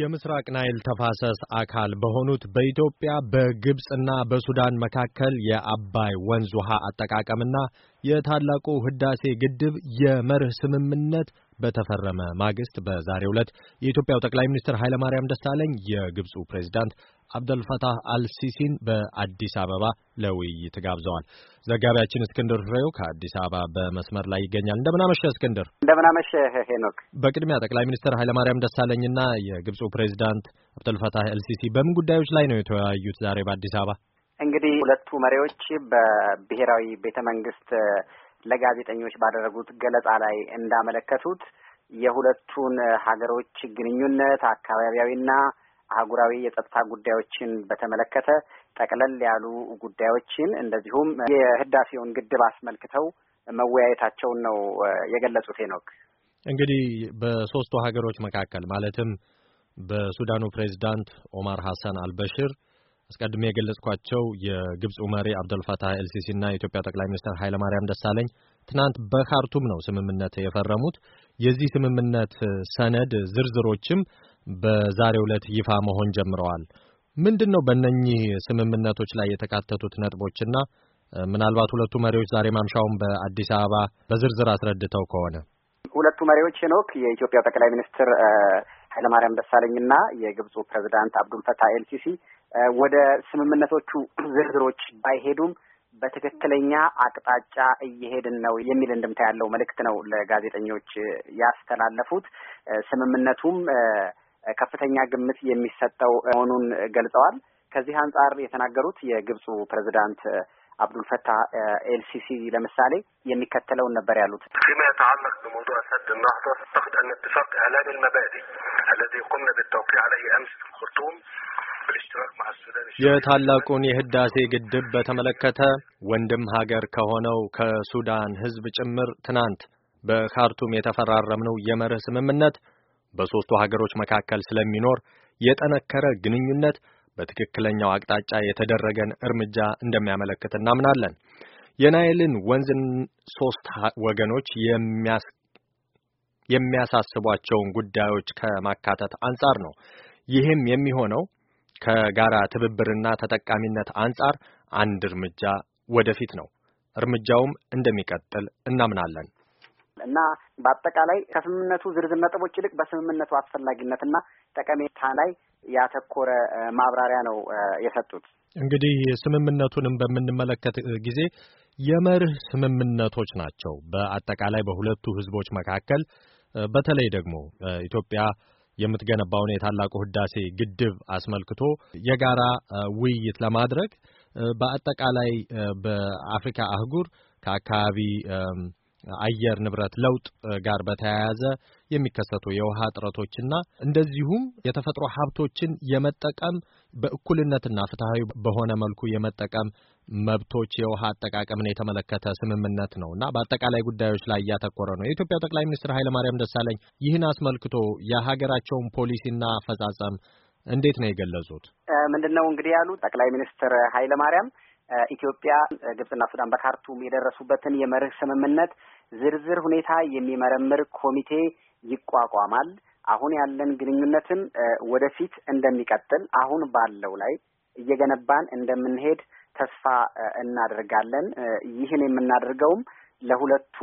የምስራቅ ናይል ተፋሰስ አካል በሆኑት በኢትዮጵያ በግብፅና በሱዳን መካከል የአባይ ወንዝ ውሃ አጠቃቀምና የታላቁ ህዳሴ ግድብ የመርህ ስምምነት በተፈረመ ማግስት በዛሬው ዕለት የኢትዮጵያው ጠቅላይ ሚኒስትር ኃይለማርያም ደሳለኝ፣ የግብፁ ፕሬዚዳንት አብደልፈታህ አልሲሲን በአዲስ አበባ ለውይይት ጋብዘዋል። ዘጋቢያችን እስክንድር ፍሬው ከአዲስ አበባ በመስመር ላይ ይገኛል። እንደምናመሸ እስክንድር። እንደምናመሸ ሄኖክ። በቅድሚያ ጠቅላይ ሚኒስትር ኃይለማርያም ደሳለኝና የግብፁ ፕሬዚዳንት አብደልፈታህ አልሲሲ በምን ጉዳዮች ላይ ነው የተወያዩት ዛሬ በአዲስ አበባ? እንግዲህ ሁለቱ መሪዎች በብሔራዊ ቤተ መንግስት ለጋዜጠኞች ባደረጉት ገለጻ ላይ እንዳመለከቱት የሁለቱን ሀገሮች ግንኙነት አካባቢያዊና አህጉራዊ የጸጥታ ጉዳዮችን በተመለከተ ጠቅለል ያሉ ጉዳዮችን እንደዚሁም የህዳሴውን ግድብ አስመልክተው መወያየታቸውን ነው የገለጹት። ሄኖክ እንግዲህ በሶስቱ ሀገሮች መካከል ማለትም በሱዳኑ ፕሬዚዳንት ኦማር ሐሰን አልበሽር አስቀድሜ የገለጽኳቸው የግብፁ መሪ ኤልሲሲ ኤልሲሲና የኢትዮጵያ ጠቅላይ ሚኒስትር ኃይለማርያም ደሳለኝ ትናንት በካርቱም ነው ስምምነት የፈረሙት። የዚህ ስምምነት ሰነድ ዝርዝሮችም በዛሬው ዕለት ይፋ መሆን ጀምረዋል። ምንድን ነው በእነኚህ ስምምነቶች ላይ የተካተቱት ነጥቦችና ምናልባት ሁለቱ መሪዎች ዛሬ ማምሻውን በአዲስ አበባ በዝርዝር አስረድተው ከሆነ ሁለቱ መሪዎች ሄኖክ የኢትዮጵያ ጠቅላይ ሚኒስትር ኃይለማርያም ደሳለኝና የግብፁ ፕሬዚዳንት አብዱል ፈታህ ኤልሲሲ ወደ ስምምነቶቹ ዝርዝሮች ባይሄዱም በትክክለኛ አቅጣጫ እየሄድን ነው የሚል እንድምታ ያለው መልእክት ነው ለጋዜጠኞች ያስተላለፉት። ስምምነቱም ከፍተኛ ግምት የሚሰጠው መሆኑን ገልጸዋል። ከዚህ አንጻር የተናገሩት የግብፁ ፕሬዚዳንት አብዱልፈታህ ኤልሲሲ ለምሳሌ የሚከተለውን ነበር ያሉት። የታላቁን የህዳሴ ግድብ በተመለከተ ወንድም ሀገር ከሆነው ከሱዳን ህዝብ ጭምር ትናንት በካርቱም የተፈራረምነው የመርህ ስምምነት በሦስቱ ሀገሮች መካከል ስለሚኖር የጠነከረ ግንኙነት በትክክለኛው አቅጣጫ የተደረገን እርምጃ እንደሚያመለክት እናምናለን። የናይልን ወንዝን ሦስት ወገኖች የሚያሳስቧቸውን ጉዳዮች ከማካተት አንጻር ነው። ይህም የሚሆነው ከጋራ ትብብርና ተጠቃሚነት አንጻር አንድ እርምጃ ወደፊት ነው። እርምጃውም እንደሚቀጥል እናምናለን። እና በአጠቃላይ ከስምምነቱ ዝርዝር ነጥቦች ይልቅ በስምምነቱ አስፈላጊነትና ጠቀሜታ ላይ ያተኮረ ማብራሪያ ነው የሰጡት። እንግዲህ ስምምነቱንም በምንመለከት ጊዜ የመርህ ስምምነቶች ናቸው። በአጠቃላይ በሁለቱ ህዝቦች መካከል በተለይ ደግሞ ኢትዮጵያ የምትገነባውን የታላቁ ህዳሴ ግድብ አስመልክቶ የጋራ ውይይት ለማድረግ በአጠቃላይ በአፍሪካ አህጉር ከአካባቢ አየር ንብረት ለውጥ ጋር በተያያዘ የሚከሰቱ የውሃ እጥረቶችና እንደዚሁም የተፈጥሮ ሀብቶችን የመጠቀም በእኩልነትና ፍትሐዊ በሆነ መልኩ የመጠቀም መብቶች የውሃ አጠቃቀምን የተመለከተ ስምምነት ነው እና በአጠቃላይ ጉዳዮች ላይ እያተኮረ ነው። የኢትዮጵያ ጠቅላይ ሚኒስትር ኃይለማርያም ደሳለኝ ይህን አስመልክቶ የሀገራቸውን ፖሊሲና አፈጻጸም እንዴት ነው የገለጹት? ምንድን ነው እንግዲህ ያሉ ጠቅላይ ሚኒስትር ኃይለማርያም ኢትዮጵያ፣ ግብጽና ሱዳን በካርቱም የደረሱበትን የመርህ ስምምነት ዝርዝር ሁኔታ የሚመረምር ኮሚቴ ይቋቋማል። አሁን ያለን ግንኙነትም ወደፊት እንደሚቀጥል አሁን ባለው ላይ እየገነባን እንደምንሄድ ተስፋ እናደርጋለን። ይህን የምናደርገውም ለሁለቱ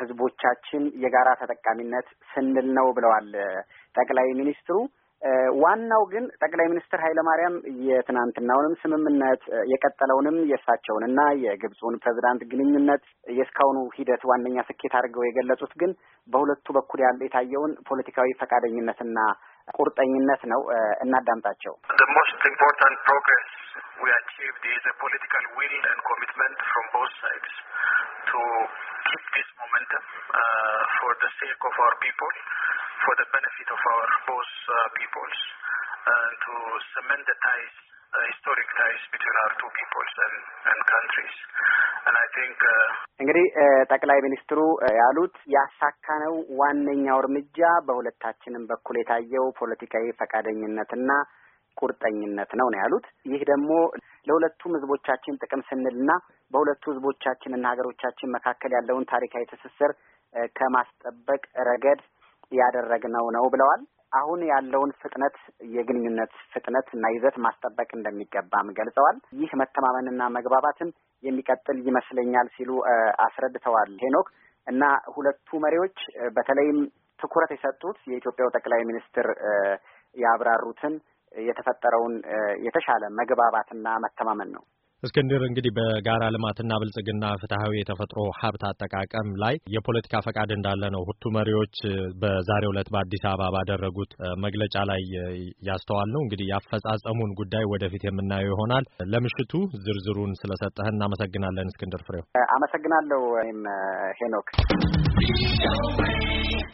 ህዝቦቻችን የጋራ ተጠቃሚነት ስንል ነው ብለዋል ጠቅላይ ሚኒስትሩ። ዋናው ግን ጠቅላይ ሚኒስትር ኃይለማርያም የትናንትናውንም ስምምነት የቀጠለውንም የእሳቸውንና እና የግብፁን ፕሬዚዳንት ግንኙነት የእስካሁኑ ሂደት ዋነኛ ስኬት አድርገው የገለጹት ግን በሁለቱ በኩል ያለ የታየውን ፖለቲካዊ ፈቃደኝነትና ቁርጠኝነት ነው። እናዳምጣቸው። the most important progress we achieved is a political will and commitment from both sides to for the benefit of our both uh, peoples and to cement the ties, uh, historic ties between our two peoples and, and countries. And I think uh, እንግዲህ uh, ጠቅላይ ሚኒስትሩ uh, ያሉት ያሳካነው ዋነኛው እርምጃ በሁለታችንም በኩል የታየው ፖለቲካዊ ፈቃደኝነትና ቁርጠኝነት ነው ነው ያሉት። ይህ ደግሞ ለሁለቱም ህዝቦቻችን ጥቅም ስንልና በሁለቱ ህዝቦቻችን እና ሀገሮቻችን መካከል ያለውን ታሪካዊ ትስስር ከማስጠበቅ ረገድ ያደረግነው ነው ብለዋል። አሁን ያለውን ፍጥነት የግንኙነት ፍጥነት እና ይዘት ማስጠበቅ እንደሚገባም ገልጸዋል። ይህ መተማመንና መግባባትን የሚቀጥል ይመስለኛል ሲሉ አስረድተዋል ሄኖክ እና ሁለቱ መሪዎች በተለይም ትኩረት የሰጡት የኢትዮጵያው ጠቅላይ ሚኒስትር ያብራሩትን የተፈጠረውን የተሻለ መግባባትና መተማመን ነው። እስክንድር እንግዲህ በጋራ ልማትና ብልጽግና ፍትሐዊ የተፈጥሮ ሀብት አጠቃቀም ላይ የፖለቲካ ፈቃድ እንዳለ ነው ሁቱ መሪዎች በዛሬው ዕለት በአዲስ አበባ ባደረጉት መግለጫ ላይ ያስተዋል ነው። እንግዲህ ያፈጻጸሙን ጉዳይ ወደፊት የምናየው ይሆናል። ለምሽቱ ዝርዝሩን ስለሰጠህ እናመሰግናለን እስክንድር ፍሬው። አመሰግናለሁ። ወይም ሄኖክ